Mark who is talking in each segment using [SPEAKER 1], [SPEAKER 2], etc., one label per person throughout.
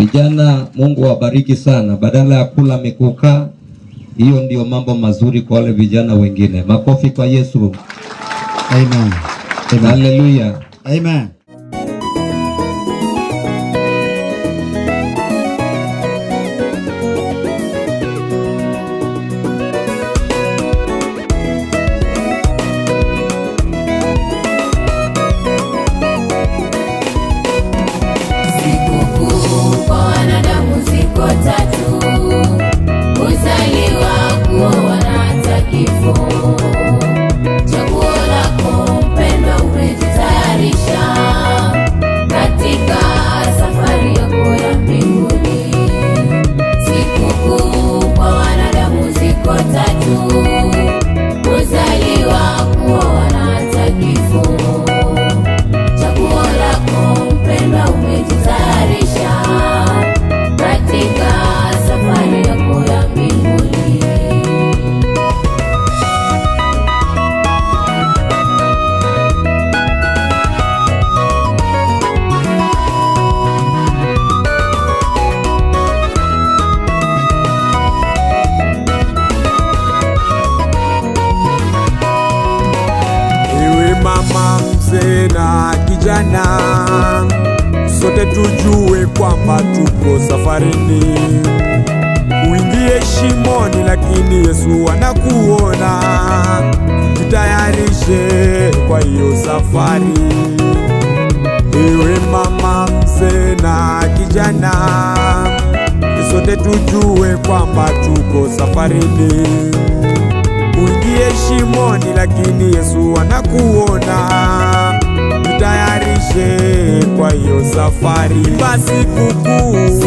[SPEAKER 1] Vijana, Mungu wabariki sana. Badala ya kula mikuka, hiyo ndiyo mambo mazuri kwa wale vijana wengine. Makofi kwa Yesu. Amen. Haleluya. Amen. vijana sote tujue kwamba tuko safarini uingie shimoni, lakini Yesu anakuona. Jitayarishe kwa hiyo safari, ewe mama, mzee na kijana, sote tujue kwamba tuko safarini uingie shimoni, lakini Yesu anakuona niongoze kwa hiyo safari basi kukuu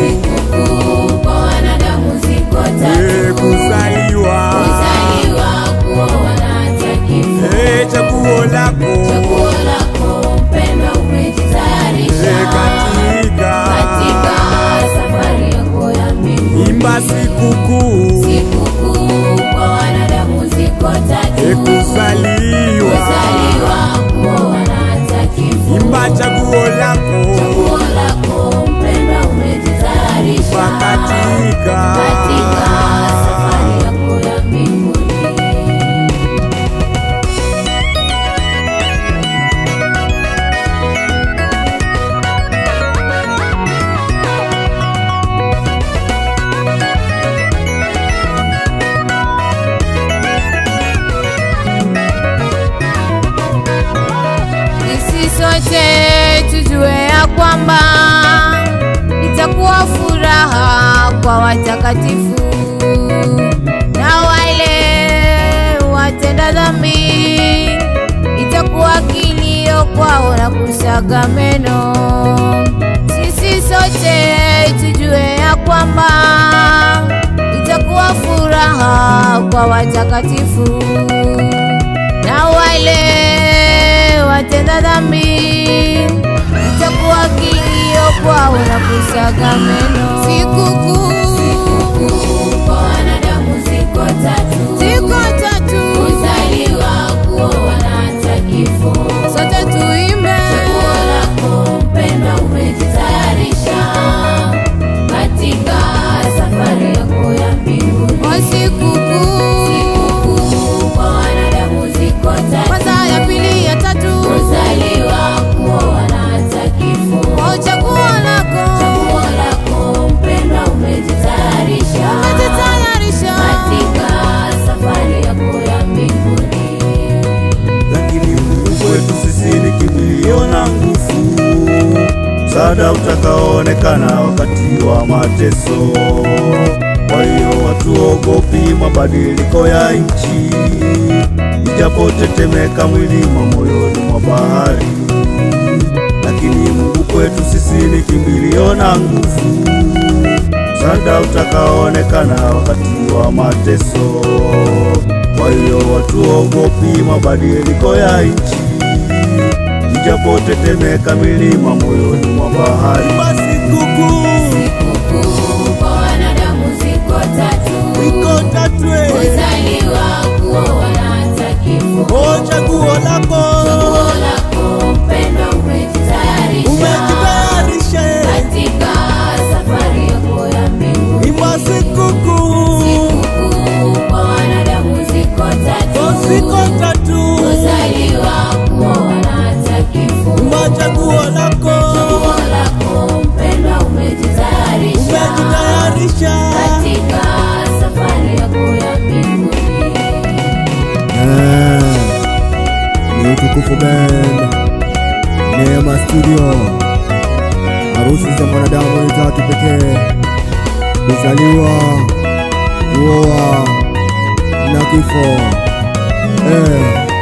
[SPEAKER 2] sisi sote tujue ya kwamba itakuwa furaha kwa watakatifu na wale watenda dhambi, itakuwa kilio kwao na kusaga meno. Sisi sote tujue ya kwamba itakuwa furaha kwa watakatifu na wale watenda dhambi, nitakuwa kilio kwao na kusaga meno. Sikukuu
[SPEAKER 3] kwa wanadamu ziko tatu,
[SPEAKER 2] ziko tatu:
[SPEAKER 3] kuzaliwa, kuoa na hata kifo.
[SPEAKER 1] msaada utakaoonekana wakati wa mateso. Kwa hiyo hatuogopi mabadiliko ya nchi, ijapotetemeka mwili mwa moyoni mwa bahari, lakini Mungu kwetu sisi ni kimbilio na nguvu. Msaada utakaoonekana wakati wa mateso. Kwa hiyo hatuogopi mabadiliko ya nchi, ijapotetemeka milima moyoni bahari. Basi
[SPEAKER 3] kwa wanadamu ziko tatu,
[SPEAKER 1] ziko tatu: eh. chaguo lako Tukufu Band, Neema Studio. Harusi za mwanadamu ni tatu pekee: kuzaliwa, kuoa na kifo. Hey. Eh.